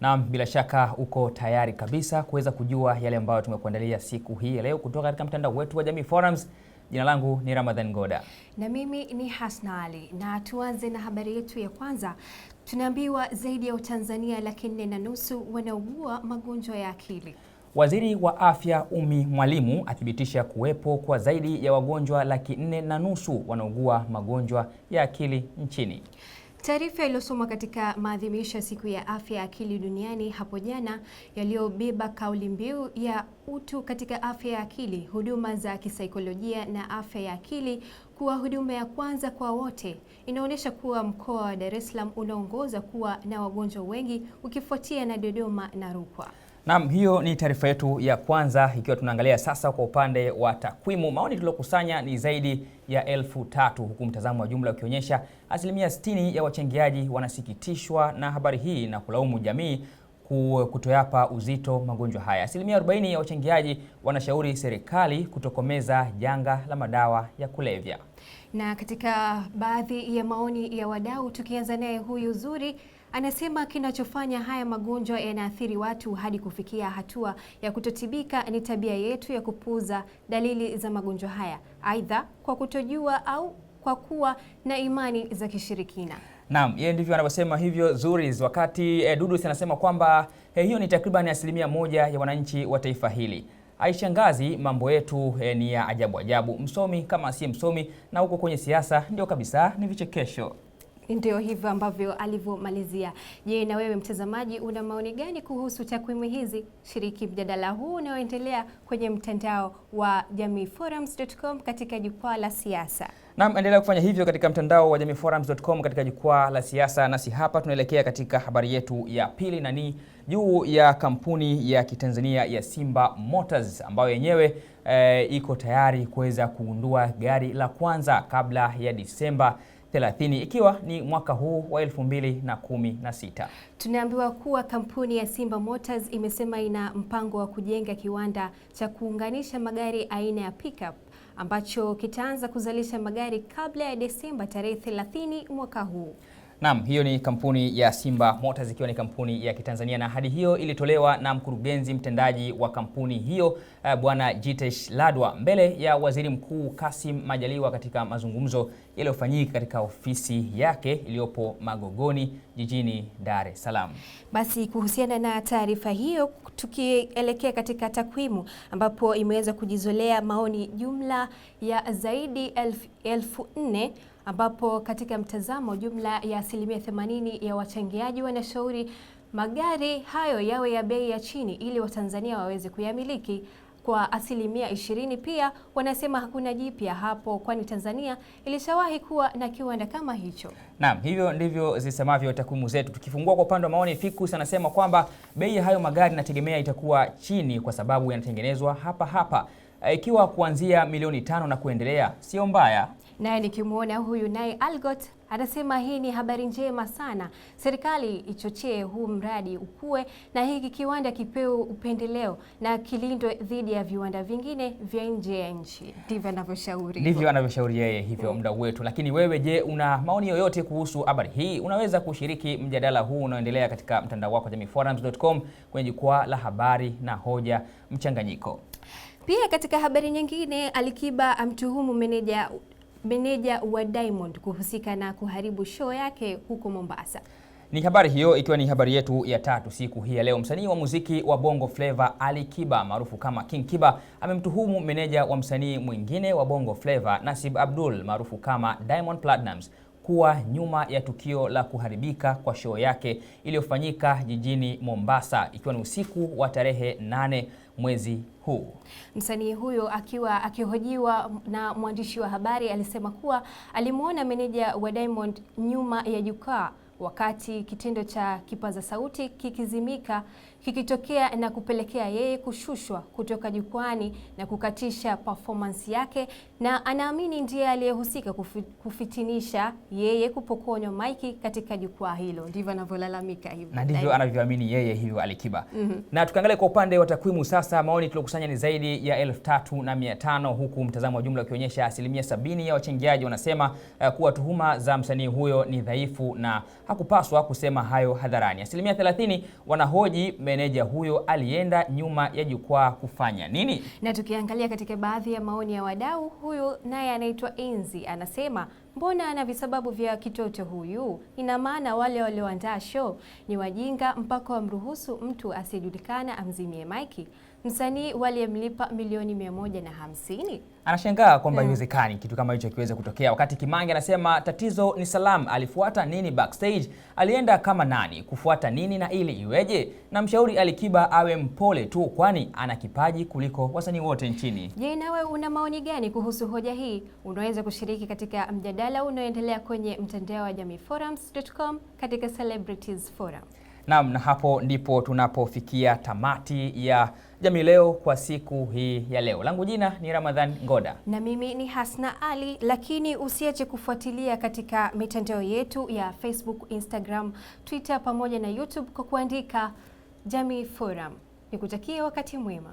Naam, bila shaka uko tayari kabisa kuweza kujua yale ambayo tumekuandalia siku hii ya leo kutoka katika mtandao wetu wa Jamii Forums. Jina langu ni Ramadhan goda na mimi ni Hasna Ali, na tuanze na habari yetu ya kwanza. Tunaambiwa zaidi ya Watanzania laki nne na nusu wanaugua magonjwa ya akili. Waziri wa Afya umi Mwalimu athibitisha kuwepo kwa zaidi ya wagonjwa laki nne na nusu wanaogua magonjwa ya akili nchini. Taarifa iliyosomwa katika maadhimisho ya siku ya afya ya akili duniani hapo jana yaliyobeba kauli mbiu ya utu katika afya ya akili, huduma za kisaikolojia na afya ya akili kuwa huduma ya kwanza kwa wote, inaonyesha kuwa mkoa wa Dar es Salaam unaongoza kuwa na wagonjwa wengi ukifuatia na Dodoma na Rukwa. Naam, hiyo ni taarifa yetu ya kwanza, ikiwa tunaangalia sasa kwa upande wa takwimu. Maoni tuliokusanya ni zaidi ya elfu tatu huku mtazamo wa jumla ukionyesha asilimia 60 ya wachangiaji wanasikitishwa na habari hii na kulaumu jamii kutoyapa uzito magonjwa haya. Asilimia 40 ya wachangiaji wanashauri serikali kutokomeza janga la madawa ya kulevya. Na katika baadhi ya maoni ya wadau, tukianza naye huyu Zuri anasema kinachofanya haya magonjwa yanaathiri watu hadi kufikia hatua ya kutotibika ni tabia yetu ya kupuuza dalili za magonjwa haya, aidha kwa kutojua au kwa kuwa na imani za kishirikina. Naam, yeye ndivyo anavyosema hivyo Zuris, wakati eh, Dudus anasema kwamba eh, hiyo ni takriban asilimia moja ya wananchi wa taifa hili. Aishangazi, mambo yetu eh, ni ya ajabu ajabu. Msomi kama si msomi, na huko kwenye siasa ndio kabisa ni vichekesho. Ndio hivyo ambavyo alivyomalizia. Je, na wewe mtazamaji, una maoni gani kuhusu takwimu hizi? Shiriki mjadala huu unaoendelea kwenye mtandao wa JamiiForums.com katika jukwaa la siasa. Naam, endelea kufanya hivyo katika mtandao wa JamiiForums.com katika jukwaa la siasa. Nasi hapa tunaelekea katika habari yetu ya pili na ni juu ya kampuni ya kitanzania ya Simba Motors ambayo yenyewe e, iko tayari kuweza kuundua gari la kwanza kabla ya Disemba 30 ikiwa ni mwaka huu wa 2016. Tunaambiwa kuwa kampuni ya Simba Motors imesema ina mpango wa kujenga kiwanda cha kuunganisha magari aina ya pickup ambacho kitaanza kuzalisha magari kabla ya Desemba tarehe 30 mwaka huu. Naam, hiyo ni kampuni ya Simba Motors ikiwa ni kampuni ya Kitanzania na ahadi hiyo ilitolewa na mkurugenzi mtendaji wa kampuni hiyo eh, Bwana Jitesh Ladwa mbele ya Waziri Mkuu Kassim Majaliwa katika mazungumzo yaliyofanyika katika ofisi yake iliyopo Magogoni jijini Dar es Salaam. Basi kuhusiana na taarifa hiyo, tukielekea katika takwimu ambapo imeweza kujizolea maoni jumla ya zaidi elfu nne elf ambapo katika mtazamo, jumla ya asilimia 80 ya wachangiaji wanashauri magari hayo yawe ya bei ya chini ili Watanzania waweze kuyamiliki. Kwa asilimia ishirini pia wanasema hakuna jipya hapo, kwani Tanzania ilishawahi kuwa na kiwanda kama hicho. Naam, hivyo ndivyo zisemavyo takwimu zetu. Tukifungua kwa upande wa maoni, Fikus anasema kwamba bei ya hayo magari inategemea itakuwa chini kwa sababu yanatengenezwa hapa hapa, eh, ikiwa kuanzia milioni tano na kuendelea sio mbaya. Naye nikimwona huyu naye Algot anasema hii ni habari njema sana, serikali ichochee huu mradi ukue, na hiki kiwanda kipewe upendeleo na kilindwe dhidi ya viwanda vingine vya nje ya nchi. Ndivyo anavyoshauri, ndivyo anavyoshauri yeye hivyo mm. Mdau wetu, lakini wewe je, una maoni yoyote kuhusu habari hii? Unaweza kushiriki mjadala huu unaoendelea katika mtandao wako JamiiForums.com kwenye jukwaa la habari na hoja mchanganyiko. Pia katika habari nyingine, Alikiba amtuhumu meneja meneja wa Diamond kuhusika na kuharibu show yake huko Mombasa. Ni habari hiyo ikiwa ni habari yetu ya tatu siku hii ya leo. Msanii wa muziki wa Bongo Flava Ali Kiba maarufu kama King Kiba amemtuhumu meneja wa msanii mwingine wa Bongo Flava Nasib Abdul maarufu kama Diamond Platnumz kuwa nyuma ya tukio la kuharibika kwa show yake iliyofanyika jijini Mombasa ikiwa ni usiku wa tarehe 8 mwezi huu. Msanii huyo akiwa akihojiwa na mwandishi wa habari alisema kuwa alimwona meneja wa Diamond nyuma ya jukwaa wakati kitendo cha kipaza sauti kikizimika kikitokea na kupelekea yeye kushushwa kutoka jukwani na kukatisha performance yake, na anaamini ndiye aliyehusika kufitinisha yeye kupokonywa maiki katika jukwaa hilo. Ndivyo anavyolalamika hivyo na ndivyo anavyoamini yeye hivyo Alikiba. mm -hmm. Na tukiangalia kwa upande wa takwimu sasa, maoni tuliokusanya ni zaidi ya elfu tatu na mia tano huku mtazamo wa jumla ukionyesha asilimia sabini ya wachangiaji wanasema uh, kuwa tuhuma za msanii huyo ni dhaifu na hakupaswa kusema hayo hadharani. Asilimia 30 wanahoji meneja huyo alienda nyuma ya jukwaa kufanya nini. Na tukiangalia katika baadhi ya maoni ya wadau, huyu naye anaitwa Enzi anasema mbona ana visababu vya kitoto huyu? Ina maana wale walioandaa show ni wajinga mpaka wamruhusu mtu asiyejulikana amzimie maiki msanii waliyemlipa milioni mia moja na hamsini. Anashangaa kwamba hmm. haiwezekani hmm, kitu kama hicho kiweze kutokea. Wakati Kimangi anasema tatizo ni Salam alifuata nini backstage, alienda kama nani, kufuata nini na ili iweje, na mshauri Alikiba awe mpole tu, kwani ana kipaji kuliko wasanii wote nchini. Je, nawe una maoni gani kuhusu hoja hii? Unaweza kushiriki katika mjadala mjadala unaoendelea kwenye mtandao wa JamiiForums.com katika Celebrities Forum. Naam, na hapo ndipo tunapofikia tamati ya Jamii Leo kwa siku hii ya leo. Langu jina ni Ramadhan Ngoda na mimi ni Hasna Ali, lakini usiache kufuatilia katika mitandao yetu ya Facebook, Instagram, Twitter pamoja na YouTube kwa kuandika Jamii Forum. Nikutakie wakati mwema.